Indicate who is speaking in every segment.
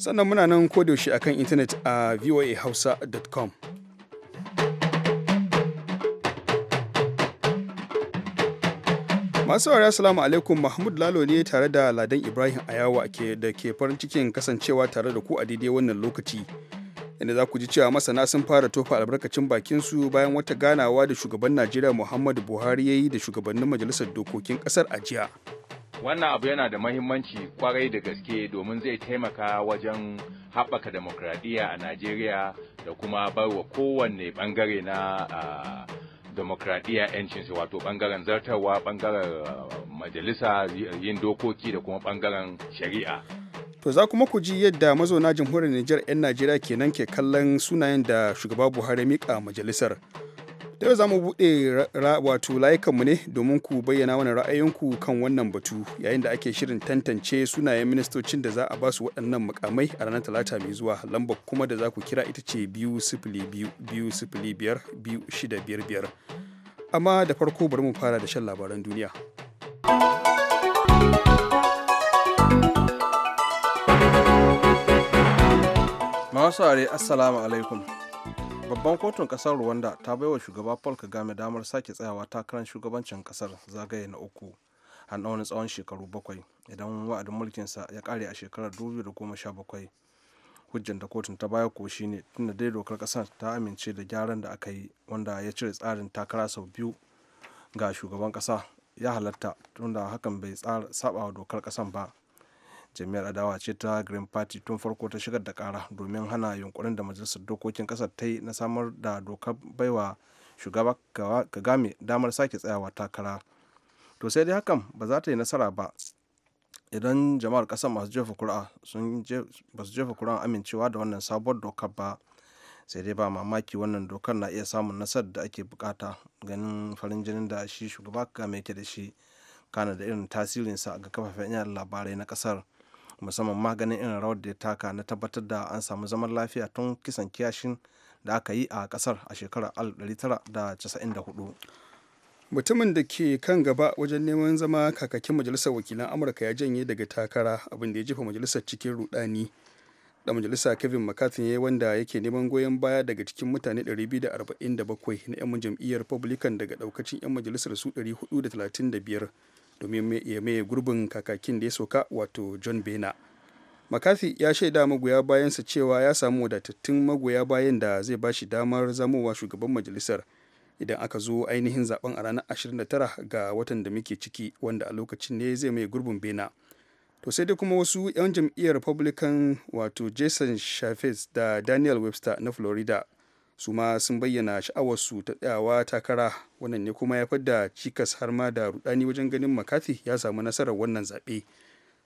Speaker 1: sannan muna nan kodayaushe akan intanet a voahausa.com masu saurari assalamu alaikum mahmud lalo ne tare da ladan ibrahim ayawa ke da ke farin cikin kasancewa tare da ku a daidai wannan lokaci inda za ku ji cewa masana sun fara tofa albarkacin bakinsu bayan wata ganawa da shugaban najeriya muhammadu buhari ya yi da shugabannin majalisar dokokin kasar a jiya
Speaker 2: wannan abu yana da mahimmanci kwarai da gaske domin zai taimaka wajen haɓaka demokradiyya a najeriya da kuma barwa kowanne ɓangare na demokradiyya yancinsu wato ɓangaren zartarwa ɓangaren uh, majalisa yin dokoki da kuma ɓangaren shari'a
Speaker 1: to za kuma ku ji yadda mazauna jamhuriyar nijar 'yan najeriya kenan ke kallon sunayen da shugaba buhari mika majalisar da yau za mu buɗe wato layukanmu ne domin ku bayyana wani ra'ayinku kan wannan batu yayin da ake shirin tantance sunayen ministocin da za a basu waɗannan mukamai a ranar talata mai zuwa lamba kuma da za ku kira ita ce biyu sifili biyu biyu sifili biyar biyu shida biyar biyar amma da farko bari mu fara da shan labaran duniya.
Speaker 3: Mawasu are assalamu alaikum. babban kotun kasar rwanda ta baiwa shugaba paul kagame damar sake tsayawa takarar shugabancin kasar zagaye na uku har na tsawon shekaru bakwai idan wa'adin mulkinsa ya kare a shekarar 2017 hujjar da kotun ta baya ko shine tunda dai dokar kasar ta amince da gyaran da aka yi wanda ya cire tsarin takara sau biyu ga shugaban kasa ya halatta tunda hakan bai saba wa dokar kasan ba jami'ar adawa ce ta green party tun farko ta shigar da kara domin hana yunkurin da majalisar dokokin kasar ta yi na samar da dokar baiwa shugaba kagame damar sake tsayawa takara to sai dai hakan ba za ta yi nasara ba idan jama'ar kasar masu jefa kura sun ba su jefa kuri'an amincewa da wannan sabuwar dokar ba sai dai ba mamaki wannan dokar na iya samun nasar da ake bukata ganin farin jinin da shi shugaba kagame yake da shi kana da irin tasirinsa ga kafafen yan labarai na kasar musamman maganin irin rawar da ya taka na tabbatar da an samu zaman lafiya tun kisan kiyashin da aka yi a kasar a shekarar 1994 mutumin da
Speaker 1: ke kan gaba wajen neman zama kakakin majalisar wakilan amurka ya janye daga takara abinda ya jefa majalisar cikin rudani da majalisa kevin mccarthy ne wanda yake neman goyon baya daga cikin mutane 247 na 'yan jam'iyyar republican daga daukacin 'yan majalisar su 435 domin ya maye gurbin kakakin da ya soka wato john bena makafi ya shaida magoya bayansa cewa ya samu wadatattun magoya bayan da zai ba shi damar zamowa shugaban majalisar idan aka zo ainihin zaben a ranar 29 ga watan da muke ciki wanda a lokacin ne zai mai gurbin bena to sai dai kuma wasu 'yan jam'iyyar republican wato jason shafes da daniel webster na florida su ma sun bayyana sha'awarsu ta tsayawa takara wannan ne kuma ya fadda cikas har ma da rudani wajen ganin makati ya samu nasarar wannan zaɓe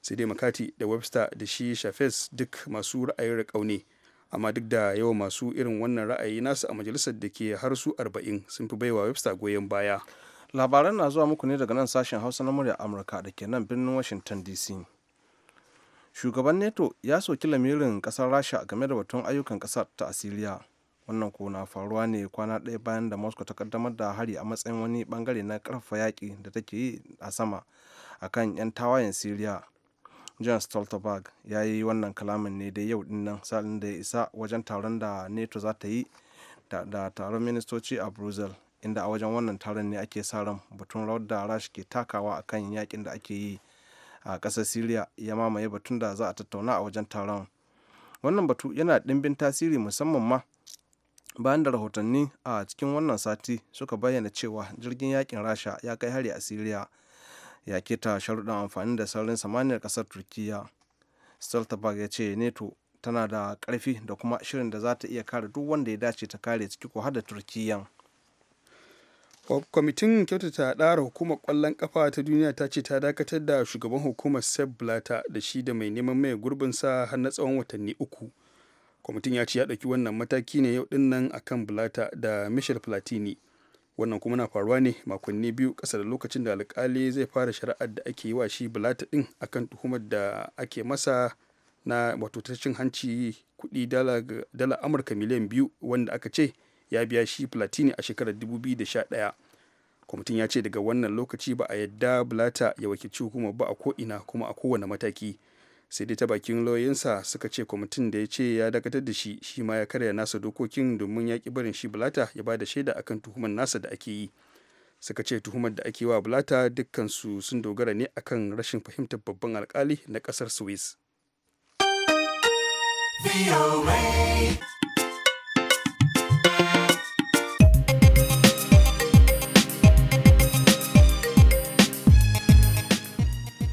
Speaker 1: sai dai makati da webster da shi shafes duk masu ra'ayin rakaune amma duk da yawan masu irin wannan
Speaker 3: ra'ayi nasu a majalisar da ke har su arba'in sun fi baiwa webster goyon baya labaran na zuwa muku ne daga nan sashen hausa na murya amurka da ke nan birnin washington dc shugaban neto ya soki lamirin kasar rasha game da batun ayyukan kasar ta asiriya wannan ko na faruwa ne kwana ɗaya bayan da moscow ta kaddamar da hari a matsayin wani bangare na karfafa yaƙi da take yi a sama a kan 'yan tawayen syria john stoltenberg ya yi wannan kalamin ne da yau dinnan salin da ya isa wajen taron da neto za ta yi da taron ministoci a brussel inda a wajen wannan taron ne ake sa ran batun rawar da rashi ke takawa a kan yakin da ake yi a ƙasar syria ya mamaye batun da za a tattauna a wajen taron wannan batu yana ɗimbin tasiri musamman ma bayan da rahotanni a cikin wannan sati suka bayyana cewa jirgin yakin rasha ya kai hari a siriya ya keta sharuɗan amfani da sararin samaniyar ƙasar turkiya stoltenberg ya ce neto tana da ƙarfi da kuma shirin da za ta iya kare duk wanda ya dace ta kare ciki ko da turkiyan kwamitin kyautata ɗara
Speaker 1: hukumar kwallon kafa ta duniya ta ce ta dakatar da shugaban hukumar sepp blatter da shi da mai neman mai gurbinsa har na tsawon watanni uku kwamitin ya ce ya ɗauki wannan mataki ne yau nan akan bulata da michel platini wannan kuma na faruwa ne makonni biyu ƙasa da lokacin da alƙali zai fara shari'ar da ake yi wa shi bulata ɗin akan tuhumar da ake masa na wato ta cin hanci kuɗi dala amurka miliyan biyu wanda aka ce ya biya shi platini a shekarar 2011 kwamitin ya ce daga wannan lokaci ba a yadda bulata ya wakilci hukumar ba a ko ina kuma a kowane mataki sai dai ta bakin lauyoyinsa suka ce kwamitin da ya ce ya dakatar da shi shi ma ya karya nasa dokokin domin ya ki barin shi bulata ya ba da shaida akan tuhumar nasa da ake yi suka ce tuhumar da ake wa bulata dukkansu sun dogara ne akan rashin fahimtar babban alkali na kasar swiss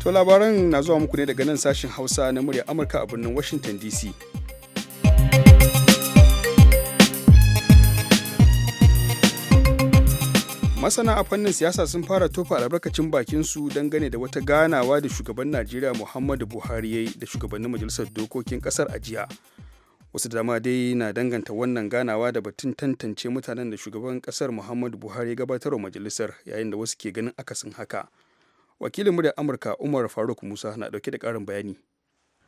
Speaker 1: To labaran na zuwa muku ne daga nan sashen Hausa na murya Amurka a birnin Washington DC. Masana a fannin siyasa sun fara tofa albarkacin bakin su dangane da wata ganawa da shugaban Najeriya Muhammadu Buhari yayi da shugabannin Majalisar Dokokin Kasar a jiya. Wasu dama dai na danganta wannan ganawa da batun tantance mutanen da shugaban kasar Muhammadu Buhari ya gabatarwa majalisar yayin da wasu ke ganin akasin haka. wakilin muryar amurka umar faruk musa na dauke da karin bayani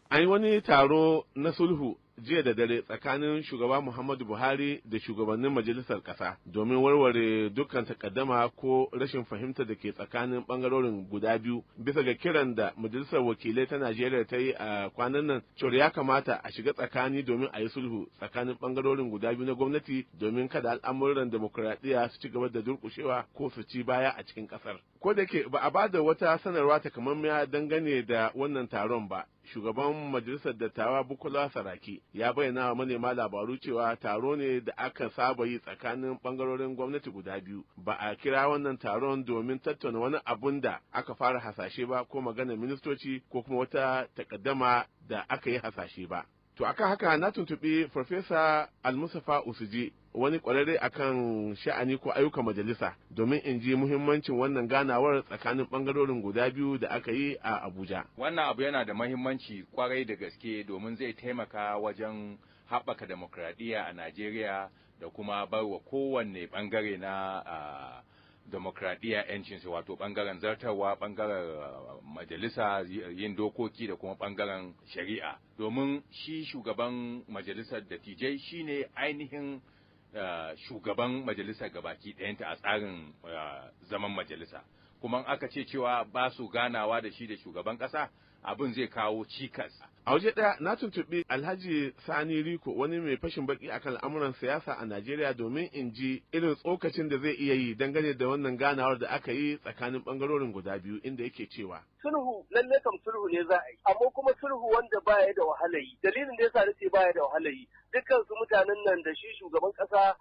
Speaker 4: an yi wani taro na sulhu jiya da dare tsakanin shugaba muhammadu buhari da shugabannin majalisar ƙasa domin warware dukkan takaddama ko rashin fahimta da ke tsakanin bangarorin guda biyu bisa ga kiran da majalisar wakilai ta najeriya ta yi a kwanan nan cewar ya kamata a shiga tsakani domin a yi sulhu tsakanin bangarorin guda biyu na gwamnati domin kada al'amuran demokuraɗiyya su ci gaba da durƙushewa ko su ci baya a cikin ƙasar ko da ke ba a ba da wata sanarwa ya dangane da wannan taron ba shugaban majalisar dattawa bukola saraki ya bayyana wa manema labaru cewa taro ne da aka saba yi tsakanin bangarorin gwamnati guda biyu ba a kira wannan taron domin tattauna wani abun da aka fara hasashe ba ko magana ministoci ko kuma wata takaddama da aka yi hasashe ba to aka haka na tuntuɓi farfesa almusafa usuji wani kwararre a kan sha'ani ko ayyukan majalisa domin in ji muhimmancin wannan ganawar tsakanin bangarorin guda biyu da aka yi a Abuja.
Speaker 2: Wannan abu yana da muhimmanci kwarai da gaske domin zai taimaka wajen haɓaka demokradiyya a Najeriya da kuma barwa kowanne bangare na demokradiyya yancinsu wato bangaren zartarwa bangaren majalisa yin dokoki da kuma bangaren shari'a domin shi shugaban majalisar dattijai shine ainihin shugaban majalisa gabaki ɗayanta a tsarin eh, zaman majalisa kuma aka ce cewa ba su ganawa da shi da shugaban ƙasa abin zai kawo cikas a waje
Speaker 4: ɗaya na tuntuɓi alhaji sani riko wani mai fashin baki akan al'amuran siyasa a najeriya domin in ji irin tsokacin da zai iya yi dangane da wannan ganawar da aka yi tsakanin ɓangarorin guda biyu inda yake cewa
Speaker 5: sulhu lalle kam sulhu ne za a yi amma kuma sulhu wanda baya da wahala yi dalilin da ya sa nace baya da wahala yi dukkan su mutanen nan da shi shugaban ƙasa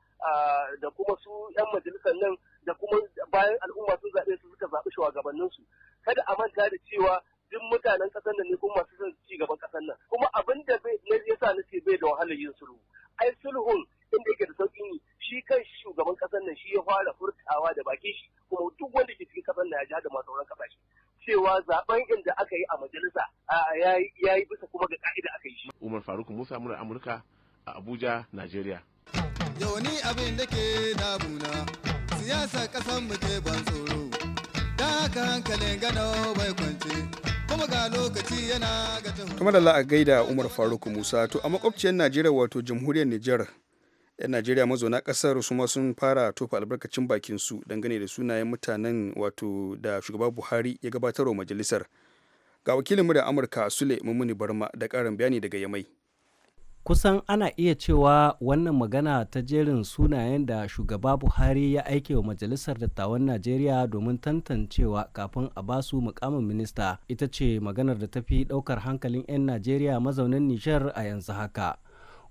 Speaker 5: da kuma su 'yan majalisar nan da kuma bayan al'umma sun zaɓe su suka zaɓi shugabanninsu kada a manta da cewa duk mutanen kasar nan ne kuma masu son ci gaban kasar nan kuma abin da bai na yasa nake bai da wahalar yin sulhu ai sulhun inda yake da sauƙin yi shi kan shugaban kasar nan shi ya fara furtawa da baki shi kuma duk wanda ke cikin kasar nan ya ji hada masu sauran kasashe cewa zaben inda aka yi a majalisa ya yi bisa kuma ga ka'ida aka yi shi.
Speaker 4: Umar Faruk Musa mura Amurka a Abuja, Najeriya.
Speaker 2: Yau ni abin da ke damuna siyasa kasar mu ke ban tsoro.
Speaker 1: hankalin gano bai kwance kuma ga lokaci yana ga da la'a gaida umar faruk musa to a makwabciyar najeriya wato jamhuriyar nijar yan najeriya mazauna kasar su ma sun fara tofa albarkacin bakin su dangane da sunayen mutanen wato da shugaba buhari ya gabatar gabatarwa majalisar ga wakilin mu da amurka sule mummuni barma da karin bayani daga yamai
Speaker 6: kusan ana iya cewa wannan magana ta jerin sunayen da shugaba buhari ya aike wa majalisar dattawan najeriya domin tantancewa kafin a basu mukamin minista ita ce maganar da ta fi daukar hankalin 'yan najeriya mazaunin nishar a yanzu haka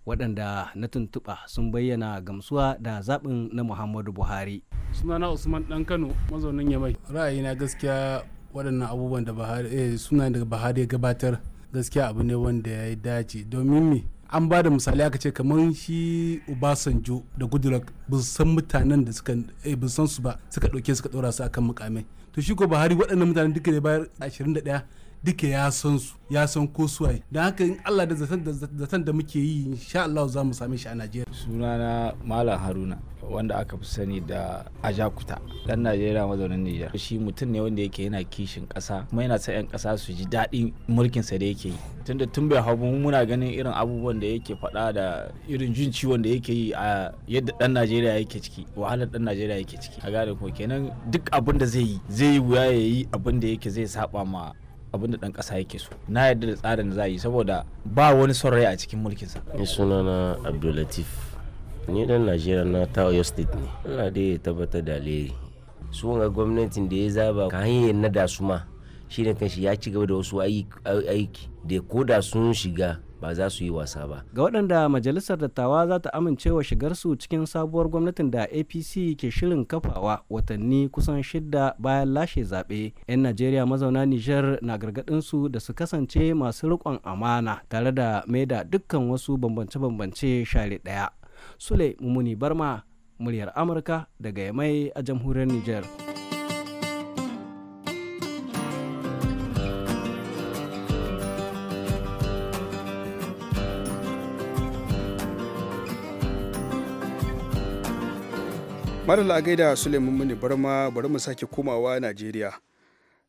Speaker 6: waɗanda na tuntuɓa sun bayyana gamsuwa da zaɓin na muhammadu buhari
Speaker 5: sunana usman ɗan kano mazaunin yamai ra'ayina gaskiya waɗannan abubuwan da buhari eh, suna da buhari gabatar gaskiya abu ne wanda ya dace domin me an ba da misali aka ce kamar shi obasanjo da goodluck ba san mutanen da suka eh, ba san su ba suka ɗauke suka dora su akan mukamai to shi ko buhari waɗannan mutanen duka ne bayar 21 duka ya san su ya san ko suwaye don haka in Allah da zaton da muke yi insha Allah za mu same shi a Najeriya sunana
Speaker 7: Malam Haruna wanda aka fi sani da Ajakuta dan Najeriya mazaunin Nijar shi mutum ne wanda yake yana kishin kasa kuma yana sa 'yan kasa su ji daɗin
Speaker 6: mulkin sa da yake
Speaker 7: yi tunda tun bai hau muna ganin irin abubuwan da yake faɗa da irin jin ciwon da yake yi a yadda dan Najeriya yake ciki wahalar dan Najeriya yake ciki a gane ko kenan duk abin da zai yi zai yi wuya ya yi abin da yake zai saba ma abin da dan kasa yake so na yarda da tsarin da za yi
Speaker 6: saboda ba wani son rai a cikin mulkinsa ni sunana abdulatif ni dan najeriya na ta oyo state ne ina dai ya tabbatar da leri su ga gwamnatin da ya zaba ka hanyar na da su ma shi ne shi ya ci gaba da wasu aiki da ko da sun shiga ba za su yi wasa ba ga waɗanda majalisar dattawa za ta amincewa shigarsu cikin sabuwar gwamnatin da apc ke shirin kafawa watanni kusan shida bayan lashe zaɓe 'yan najeriya mazauna nijar na gargaɗin su da su kasance masu riƙon amana tare da maida dukkan wasu bambance-bambance share ɗaya sule mumuni barma muryar amurka daga yamai a jamhuriyar nijar.
Speaker 1: mara gaida Suleiman Muni Barma bari mu sake komawa Najeriya.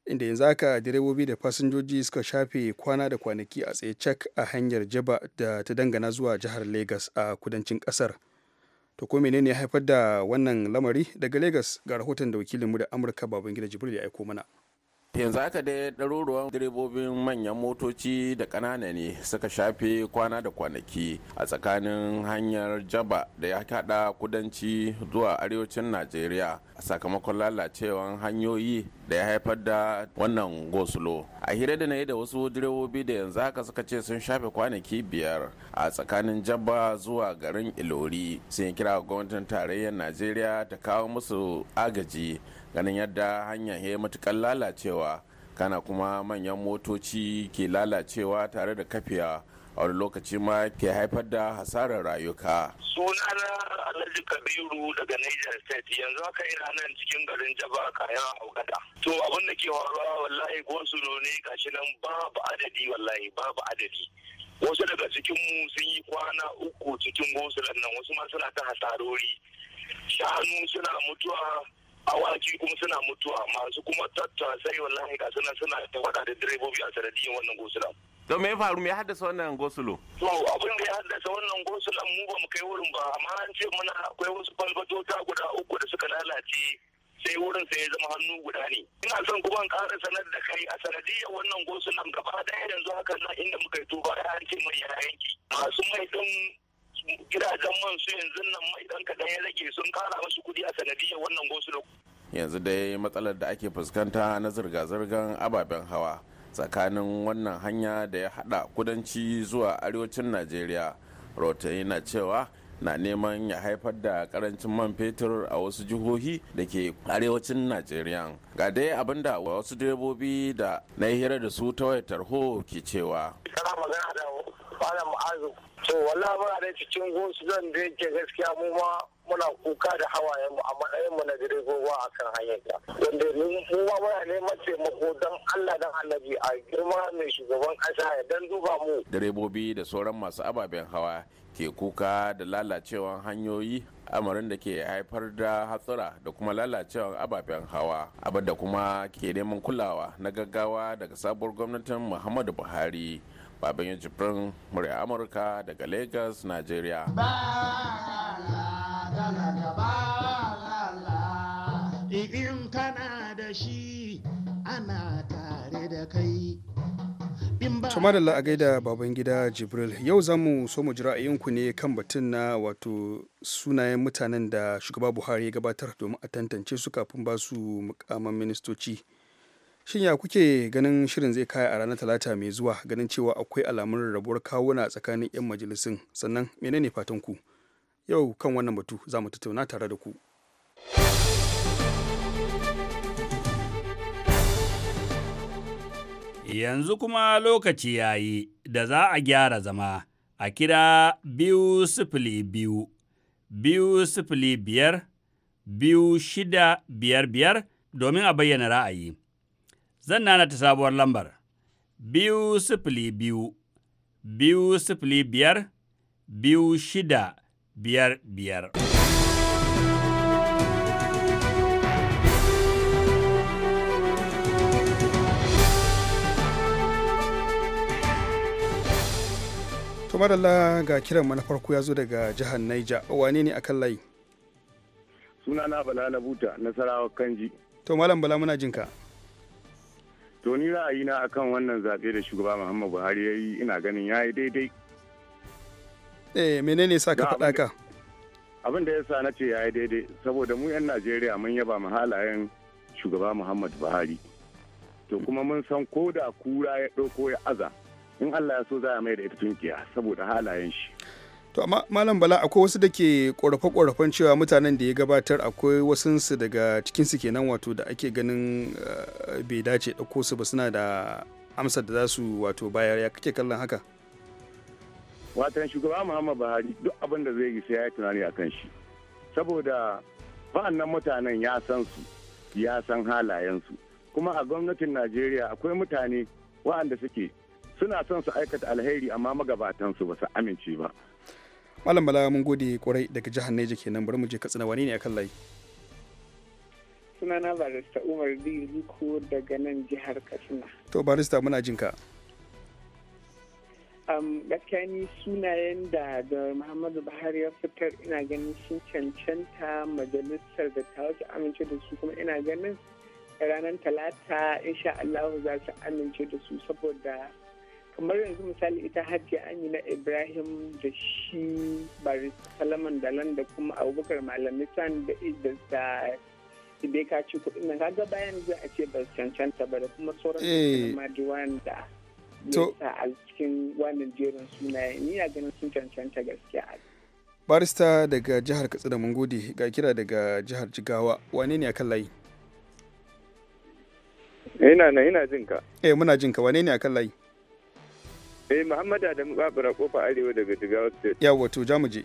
Speaker 1: Inda yanzu haka direbobi da fasinjoji suka shafe kwana da kwanaki a tsaye cak a hanyar Jaba da ta dangana zuwa jihar Legas a kudancin kasar. To ko menene ya haifar da wannan lamari daga Legas ga rahoton da wakilinmu da Amurka Babangida Jibril ya
Speaker 7: aiko mana. yanzu haka dai ɗaruruwan direbobin manyan motoci da ƙanana ne suka shafe kwana da kwanaki a tsakanin hanyar jaba da ya haɗa kudanci zuwa arewacin najeriya a sakamakon lalacewan hanyoyi da ya haifar da wannan gosulo a hira da na yi da wasu direbobi da yanzu haka suka ce sun shafe kwanaki biyar a tsakanin jaba zuwa garin ilori sun kira gwamnatin tarayyar najeriya ta kawo musu agaji ganin yadda hanya ya matukar lalacewa kana kuma manyan motoci ke lalacewa tare da kafewa a wani lokaci ma ke haifar da hasarar rayuka.
Speaker 5: sunana alhaji kabiru daga niger state yanzu aka yi ranar cikin garin jaba kayan aukata. to abin da ke faruwa wallahi ko su ne gashi nan babu adadi wallahi babu adadi wasu daga cikinmu sun yi kwana uku cikin gosulan nan wasu ma suna ta hasarori shanu suna mutuwa awaki kuma suna mutuwa masu kuma tattara sai wallahi ga suna suna faɗa da direbobi a sanadiyyar wannan gosulan.
Speaker 7: to me ya faru me haddasa wannan gosulo
Speaker 5: to abin da ya haddasa wannan gosulan mu ba mu kai wurin ba amma an ce muna akwai wasu falfatota guda uku da suka lalace sai wurin sai ya zama hannu guda ne ina son kuma in ƙara sanar da kai a sanadiyar wannan gosulan gaba ɗaya yanzu haka na inda muka yi tuba ya ce mai ya yanki masu mai ɗin gidajen man su yanzu nan mai dan kadan ya rage sun kara musu kudi a sanadiyar wannan gosulo
Speaker 7: yanzu dai matsalar da ake fuskanta na zirga-zirgar ababen hawa tsakanin wannan hanya da ya hada kudanci zuwa arewacin najeriya rotayi na cewa na neman ya haifar da karancin man fetur a wasu jihohi da ke arewacin najeriya ga dai abin da wasu direbobi da na hira da su ta wayar tarho ke cewa
Speaker 5: to muna da cikin gosu zan da yake gaskiya mu ma muna kuka da hawayen mu a matsayin mu na direboba a kan hanyar da wanda mu ma muna neman taimako don Allah dan Annabi a girma mai shugaban kasa ya dan duba mu
Speaker 7: direbobi da sauran masu ababen hawa ke kuka da lalacewan hanyoyi amarin da ke haifar da hatsura da kuma lalacewan ababen hawa abinda kuma ke neman kulawa na gaggawa daga sabuwar gwamnatin muhammadu buhari baban ya jibrin murya amurka daga lagos nigeria
Speaker 5: in kana da shi ana tare da kai tuma
Speaker 1: da a gaida baban gida jibril yau za mu so mu ji ra'ayinku ne kan batun na wato sunayen mutanen da shugaba buhari ya gabatar domin a tantance su kafin ba su mukaman ministoci shin ya kuke ganin shirin zai kaya a ranar talata mai zuwa ganin cewa akwai alamun rabuwar kawuna tsakanin 'yan majalisun sannan menene fatan ku yau kan wannan batu za mu tattauna tare da ku yanzu kuma lokaci ya yi da za a gyara zama a kira biyu sifili biyu biyu sifili biyar biyu shida biyar biyar domin a bayyana ra'ayi Zan nana ta sabuwar lambar biyu sifili biyu, biyu sifili biyar, biyu shida biyar biyar. tumarala ga kiran mana farko ya zo daga jihar Naija wane ne akan layi?
Speaker 5: suna na Bala na buta Nasarawa Kanji.
Speaker 1: To Malam Bala muna jinka.
Speaker 5: to ni na akan wannan zaɓe da shugaba muhammad buhari ya yi ina ganin ya yi daidai
Speaker 1: eh menene sa ka faɗa ka
Speaker 5: abin da ya sa na ce ya yi daidai saboda mu 'yan najeriya mun yaba mu halayen shugaba muhammad buhari to kuma mun san ko da kura ya ɗauko ya aza in allah ya so za a mai da ita tunkiya saboda halayen shi
Speaker 1: to amma malam bala akwai wasu da ke korafe-korafen cewa mutanen da ya gabatar akwai wasunsu daga cikinsu kenan wato da ake ganin eh, bai dace ɗauko su ba suna da amsar da za su wato bayar ya kake kallon haka
Speaker 5: watan shugaba muhammad buhari duk abin da zai yi sai ya tunani a kan shi saboda ba'annan mutanen ya san su ya san halayensu kuma a gwamnatin najeriya akwai mutane wa'anda suke suna son su aikata alheri amma magabatansu ba su amince ba
Speaker 1: malam bala mun gode kwarai daga jihar neja kenan bari mu je katsina wani ne akan layi
Speaker 5: sunana barista umar diri ko daga nan jihar katsina
Speaker 1: to barista muna jin ka
Speaker 5: um, gaskiya ni sunayen da da muhammadu buhari ya fitar ina ganin sun cancanta majalisar da ta wace amince da su kuma ina ganin ranar talata insha allahu za su amince da su saboda kamar yanzu misali ita hajji amina ibrahim da shi bari salaman dalan da kuma abubakar malami san da da dai ka ci kuɗin nan kaga bayan zai a ce ba cancanta ba da kuma sauran eh. majiwan da to a cikin wannan jerin sunaye ni a ganin sun cancanta gaskiya
Speaker 1: barista daga jihar katsina mun gode ga kira daga jihar jigawa wane ne akan layi
Speaker 5: ina na ina jinka
Speaker 1: eh muna jinka wane ne akan layi
Speaker 5: eh muhammad adamu babura kofa arewa daga jigawa state
Speaker 1: yawa to za mu je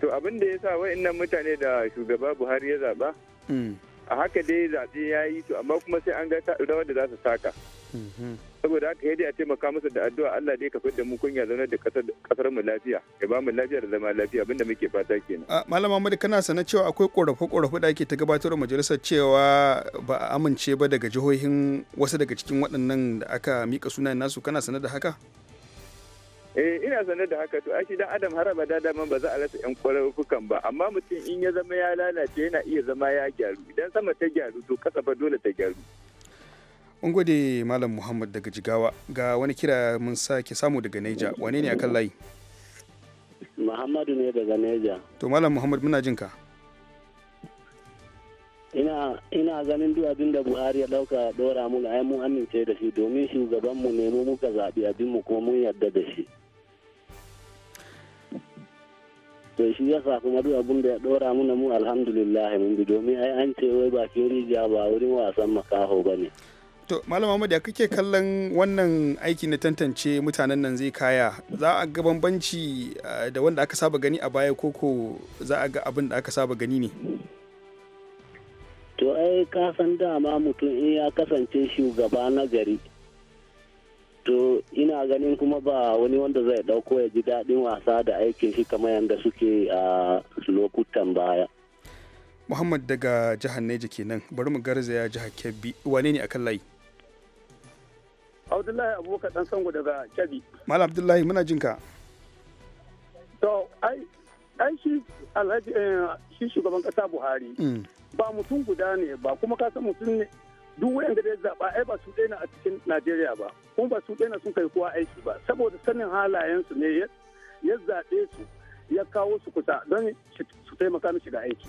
Speaker 5: to abin da ya sa wa'annan mutane da shugaba buhari ya zaba hmm. a haka dai zaɓe ya yi to amma kuma sai an ga rawar da za su saka saboda haka yadda a taimaka masa da addu'a Allah dai ka da mu kunya zama da kasar mu lafiya ya ba mu lafiya da zama lafiya abinda muke fata kenan ah,
Speaker 1: malam Ahmad kana sanar cewa akwai korafe korafe da ake ta gabatar majalisar cewa ba a amince ba daga jihohin wasu daga cikin waɗannan da aka mika sunayen nasu kana sanar da haka
Speaker 5: eh ina sanar da haka to shi dan adam har abada daman ba za a rasa yan korafukan ba amma mutum in ya zama ya lalace yana iya zama ya gyaru idan sama ta gyaru to kasa ba dole ta gyaru
Speaker 1: an gode malam muhammad daga jigawa ga wani kira mun sake samu daga neja wane ne akan layi
Speaker 5: muhammadu ne daga neja to malam
Speaker 1: muhammad muna jinka
Speaker 5: ina ina ganin duk abin da buhari ya dauka dora mu ai mu amince da shi domin shugaban mu ne mu muka zaɓi abin mu ko mun yarda da shi to shi sa kuma duk abin da ya dora mu na mu alhamdulillah mun bi domin ai an ce wai ba ke rijiya ba wurin wasan makaho bane ne
Speaker 1: To malama ya kake kallon wannan aiki na tantance mutanen nan zai kaya za a ga bambanci eh, da wanda aka saba gani a baya koko za a ga abin da aka saba gani ne.
Speaker 5: To ai ka dama mutum in ya kasance shugaba na gari. To ina ganin kuma ba wani wanda zai dauko ya ji daɗin wasa da aikin shi kamar yadda suke a lokutan baya.
Speaker 1: Muhammad daga jihar Neja kenan bari mu garzaya jihar Kebbi wane ne akan layi?
Speaker 5: Abdullahi Abubakar dan sango daga kyabi.
Speaker 1: Malam Abdullahi muna jin ka.
Speaker 5: To ai shi Alhaji eh, shi shugaban kasa Buhari. Mm. Ba mutum guda ne ba kuma ka san mutum ne duk wayanda da zaba ai ba su daina a cikin Najeriya ba. Kuma ba su daina sun kai kowa aiki ba saboda sanin halayen su ne ya zaɓe su ya kawo su kusa don su taimaka mishi shiga aiki.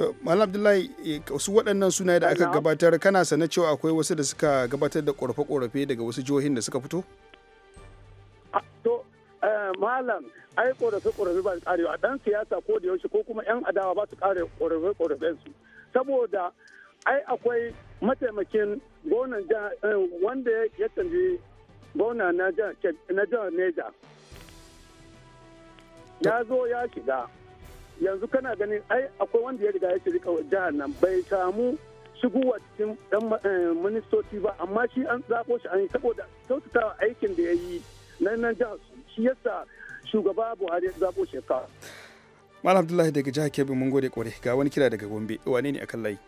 Speaker 1: to malam abdullahi eh, su waɗannan suna da aka gabatar kana sana cewa akwai wasu da suka gabatar da ƙorafe-ƙorafe daga wasu jihohin da suka fito
Speaker 5: to eh, malam ai ƙorafe-ƙorafe ba su a dan siyasa ko da yaushe ko kuma yan adawa ba su kare ƙorafe-ƙorafen su saboda ai akwai mataimakin gonan eh, wanda ya canji gona na jihar neja ya zo ya shiga yanzu kana ganin ai akwai wanda ya riga ya ce rika jihar nan bai samu shigowa cikin dan eh, ministoci ba amma shi an zafo shi an yi saboda kyautatawa aikin da ya yi na nan jihar shi yasa shugaba Buhari ya zafo shi ka
Speaker 1: Malam Abdullahi daga jihar Kebbi mun gode kore ga wani kira daga Gombe wane ne akan layi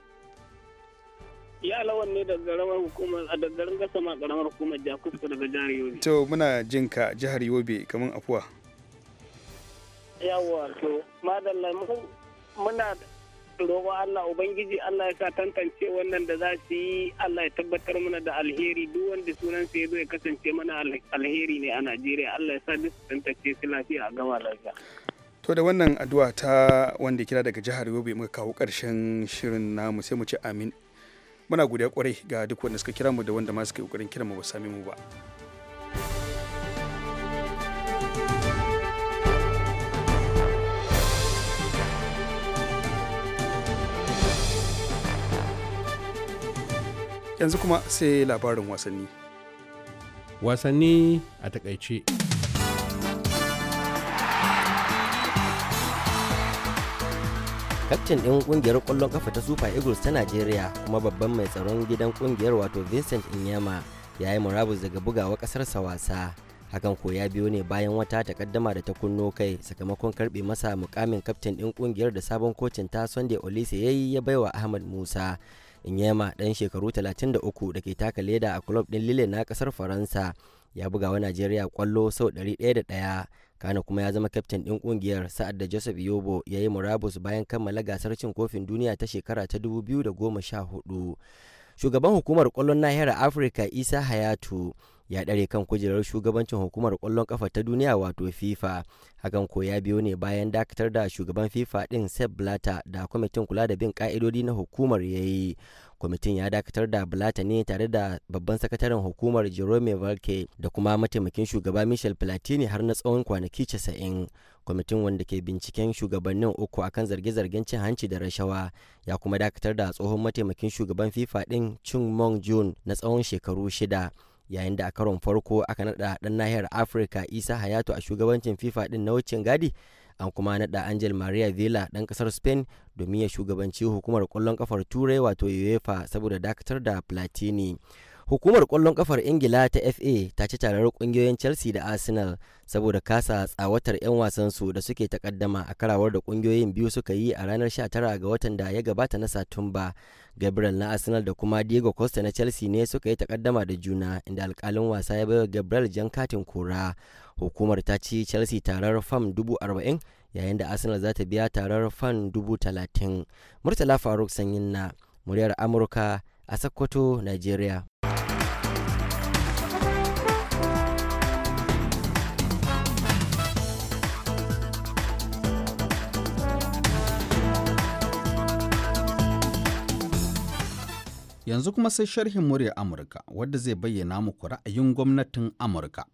Speaker 5: ya lawan ne da garamar hukumar a daddaren gasa ma karamar hukumar Jakusko daga jihar Yobe to
Speaker 1: muna jinka jihar Yobe kamar afuwa
Speaker 5: Yawwa to, madalla muna Allah Ubangiji Allah ya sa tantance wannan da za su yi Allah ya tabbatar mana da alheri duk wanda sunansa ya zo ya kasance mana alheri ne a Najeriya Allah ya sa duk su tantance su lafiya a gama lafiya.
Speaker 1: To da wannan addu'a ta wanda kira daga jihar Yobe muka kawo ƙarshen shirin namu sai mu ce amin. Muna godiya kwarai ga duk wanda suka kira mu da wanda ma suka yi ƙoƙarin kira mu ba sami mu ba. yanzu kuma sai labarin wasanni
Speaker 6: wasanni a takaice kaftin ɗin ƙungiyar ƙwallon kafa ta super eagles ta najeriya kuma babban mai tsaron gidan ƙungiyar wato vincent inyama ya yi murabus daga bugawa ƙasarsa wasa hakan ko ya biyo ne bayan wata takaddama da ta kunno kai sakamakon karbe masa mukamin kaftin ɗin ƙungiyar da sabon kocin ta sunday olise ya yi ya baiwa ahmad musa Inyema ɗan shekaru 33 da ke taka leda a club ɗin Lille na ƙasar Faransa ya buga wa Najeriya kwallo sau 101 Kana kuma ya zama kyaftin ɗin ƙungiyar sa'ad da Joseph Yobo ya yi murabus bayan kammala gasar cin kofin duniya ta shekara ta 2014. shugaban hukumar kwallon nahiyar afirka isa hayatu ya ɗare kan kujerar shugabancin hukumar kwallon kafa ta duniya wato fifa hakan ko ya biyo ne bayan dakatar da shugaban fifa ɗin sep blatter da kwamitin kula da bin ƙa'idodi na hukumar ya yi kwamitin ya dakatar da bulata ne tare da babban sakataren hukumar jerome valke da kuma mataimakin shugaba michel platini har na tsawon kwanaki 90 kwamitin wanda ke binciken shugabannin uku akan zarge-zargen cin hanci da rashawa ya kuma dakatar da tsohon mataimakin shugaban fifa din chung mong jun na tsawon shekaru shida yayin da a karon farko aka naɗa ɗan nahiyar afirka isa hayatu a shugabancin fifa din na wucin gadi an kuma naɗa angel maria villa ɗan ƙasar spain domin ya shugabanci hukumar ƙwallon ƙafar turai wato uefa saboda dakatar da platini hukumar ƙwallon ƙafar ingila ta fa ta ci tarar ƙungiyoyin chelsea da arsenal saboda kasa tsawatar 'yan wasansu da suke takaddama a karawar da ƙungiyoyin biyu suka yi a ranar 19 ga watan da ya gabata na satumba gabriel na arsenal da kuma diego costa na chelsea ne suka yi takaddama da juna inda alkalin wasa ya baiwa gabriel jan katin kora hukumar ta ci chelsea tarar fam dubu arba'in yayin da arsenal za ta biya tarar fam dubu talatin murtala faruk sanyin na muryar amurka a sokoto nigeria
Speaker 8: yanzu kuma sai sharhin muryar amurka wadda zai bayyana muku ra'ayin gwamnatin amurka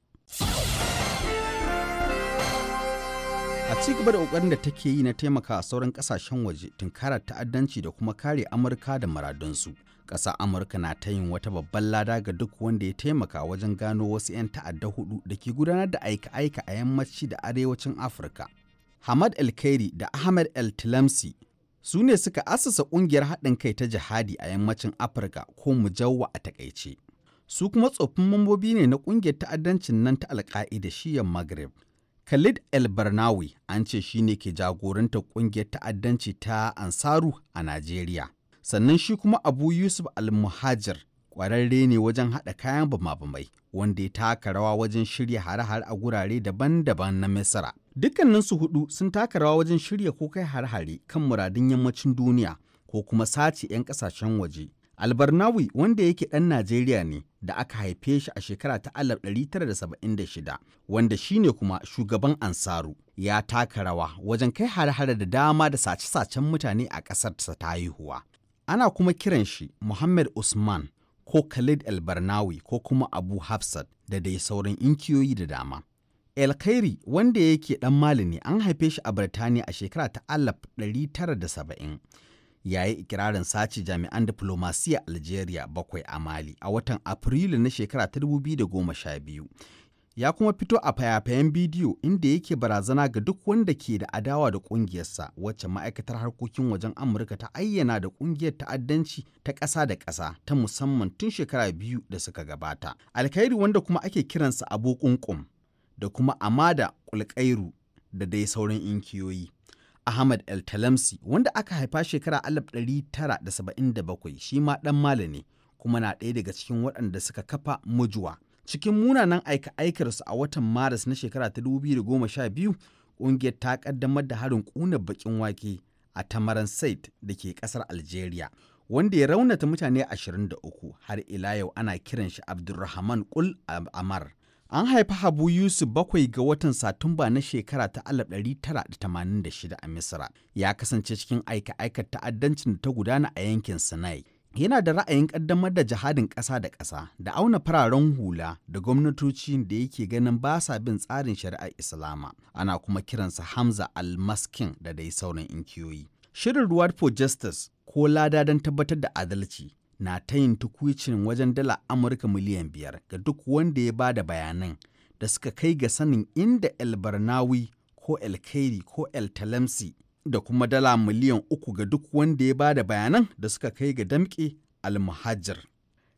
Speaker 8: a ci gaba da kokarin da take yi na taimaka sauran kasashen waje tunkarar ta'addanci da kuma kare amurka da maradunsu ƙasa amurka na ta yin wata babban lada ga duk wanda ya taimaka wajen gano wasu 'yan ta'adda hudu da ke gudanar da aika-aika a yammaci da arewacin afirka hamad el kairi da ahmed el tilamsi su ne suka asasa ƙungiyar haɗin kai ta jihadi a yammacin afirka ko mujawwa a takaice su kuma tsoffin mambobi ne na ƙungiyar ta'addancin nan ta alka'ida shiyan Magreb. Khalid El Barnawi an ce shi ne ke jagorantar kungiyar ta'addanci ta Ansaru a Najeriya. Sannan shi kuma Abu Yusuf Al-Muhajir ƙwararre ne wajen haɗa kayan bama-bamai wanda ya taka rawa wajen shirya hare-hare a gurare daban-daban na Misira. su hudu sun taka rawa wajen shirya ko kai hare-hare kan muradun yammacin duniya ko kuma sace 'yan ƙasashen waje albarnawi wanda yake ɗan najeriya ne da aka haife shi a shekara ta 1976 wanda shine kuma shugaban ansaru ya taka rawa wajen kai hare-hare da dama da sace-sacen mutane a ƙasarsa ta haihuwa ana kuma kiran shi muhammad usman ko khalid albarnawi ko kuma abu hafsat da dai sauran inkiyoyi da dama El Khairi wanda yake ɗan Mali ne an haife shi a Birtaniya a shekara ta 1970 ya yi ikirarin sace jami'an diflomasiyya Algeria bakwai a Mali a watan Afrilu na shekara ta 2012. Ya kuma fito a fayafayen bidiyo inda yake barazana ga duk wanda ke da adawa da ƙungiyarsa wacce ma'aikatar harkokin wajen Amurka ta ayyana da ƙungiyar ta'addanci ta ƙasa da ƙasa ta musamman tun shekara biyu da suka gabata. Alkhairi wanda kuma ake kiransa abokunkum da kuma amada kulkairu da dai sauran inkiyoyi. Ahmad El Talamsi wanda aka haifa shekara 1977 shi ma ɗan mala kuma na ɗaya daga cikin waɗanda suka kafa mujuwa. Cikin munanan aika-aikarsu a watan Maris na shekara ta 2012 ƙungiyar ta ƙaddamar da harin ƙuna bakin wake a Tamaran Said da ke ƙasar Algeria wanda ya raunata mutane 23 har ila yau ana kiran shi Abdulrahman Kul Amar. An haifi Habu Yusuf bakwai ga watan Satumba na shekara ta 1986 a Misra. Ya kasance cikin aika-aikar ta'addancin da ta gudana a yankin Sinai. Yana da ra'ayin ƙaddamar da jihadin ƙasa da ƙasa da auna fararen hula da gwamnatoci da yake ganin ba sa bin tsarin shari'ar Islama. Ana kuma kiransa Hamza al-Maskin da dai sauran inkiyoyi. Shirin Ruwad for Justice ko lada don tabbatar da adalci na ta yin tukwicin wajen dala Amurka miliyan biyar ga duk wanda ya ba da bayanan da suka kai ga sanin inda El Barnawi ko El Kairi ko El Talamsi da kuma dala miliyan uku ga duk wanda ya ba da bayanan da suka kai ga damƙe al-muhajir.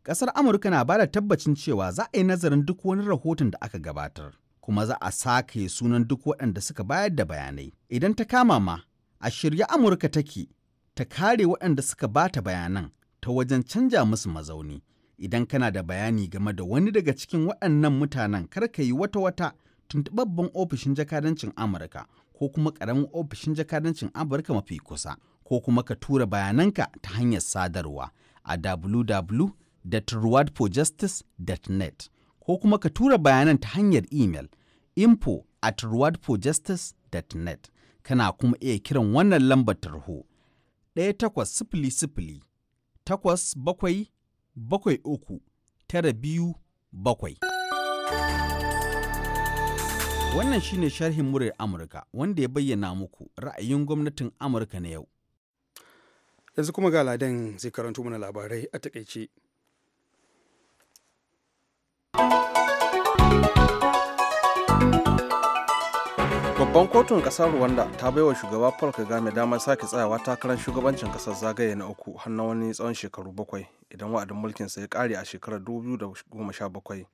Speaker 8: Ƙasar Amurka na bada tabbacin cewa za a yi nazarin duk wani rahoton da aka gabatar, kuma za a sake sunan duk waɗanda suka bayar da bayanai. Idan ta kama ma, a shirya Amurka take ta kare waɗanda suka bata bayanan ta wajen canja musu mazauni. Idan kana da bayani game da wani daga cikin waɗannan mutanen kar ka yi wata-wata tuntuɓaɓɓen ofishin jakadancin Amurka ko kuma ƙaramin ofishin jakadancin Amurka mafi kusa ko kuma ka tura bayananka ta hanyar sadarwa a www.rewardforjustice.net ko kuma ka tura bayanan ta hanyar email info at rewardforjustice.net kana kuma iya kiran wannan lambar tarho ɗaya takwas sifili sifili takwas bakwai bakwai uku tara biyu bakwai. Wannan shine sharhin muryar Amurka wanda ya bayyana muku ra'ayin gwamnatin Amurka na yau. Yanzu kuma ga ladan zai karanto mana labarai a takaice.
Speaker 3: babban kotun kasar rwanda ta bai baiwa shugaba paul kagame damar sake tsayawa takarar shugabancin kasar zagaye na uku har na wani tsawon shekaru bakwai idan wa'adin mulkin sa ya kare a shekarar 2017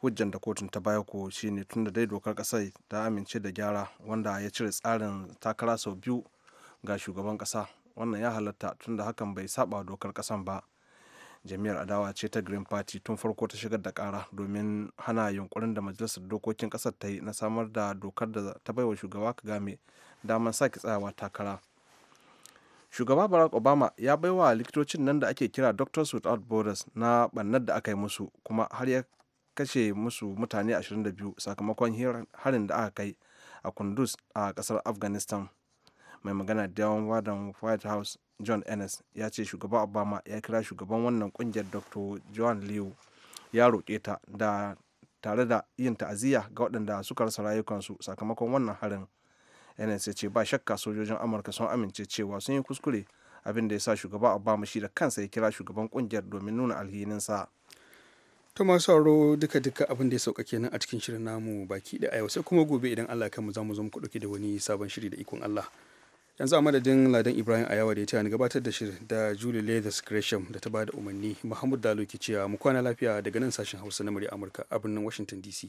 Speaker 3: hujjan da kotun ta baya ko shine tun da dai dokar kasar ta amince da gyara wanda ya cire tsarin takara sau biyu ga shugaban kasa wannan ya halatta tunda hakan bai saba dokar kasan ba jami'ar adawa ce ta green party tun farko ta shigar da kara domin hana yunkurin da majalisar dokokin kasar ta yi na samar da dokar da ta baiwa shugaba kagame damar sake tsayawa takara shugaba barack obama ya baiwa likitocin nan da ake kira doctors without borders na bannar da aka yi musu kuma har ya kashe musu mutane 22 sakamakon harin da aka kai a kundus a kasar afghanistan mai magana da yawon fadan white house john ennis ya ce shugaban obama ya kira shugaban wannan kungiyar dr john liu ya roƙe ta da tare da yin ta'aziyya ga waɗanda suka rasa rayukansu sakamakon wannan harin ennis ya ce ba shakka sojojin amurka sun amince cewa sun yi kuskure abin da ya sa shugaban obama shi da kansa ya kira shugaban kungiyar domin nuna alhininsa to masu sauro duka duka abin
Speaker 1: da ya sauka kenan a cikin shirin namu baki da sai kuma gobe idan allah ya zamu za mu zo muku da wani sabon shiri da ikon allah yanzu a madadin ladan ibrahim ayawa da ya tana gabatar da shirin da julie leathers gresham da ta bada umarni muhammadu dalo ke cewa mu kwana lafiya daga nan sashen hausa na murya amurka a birnin washington dc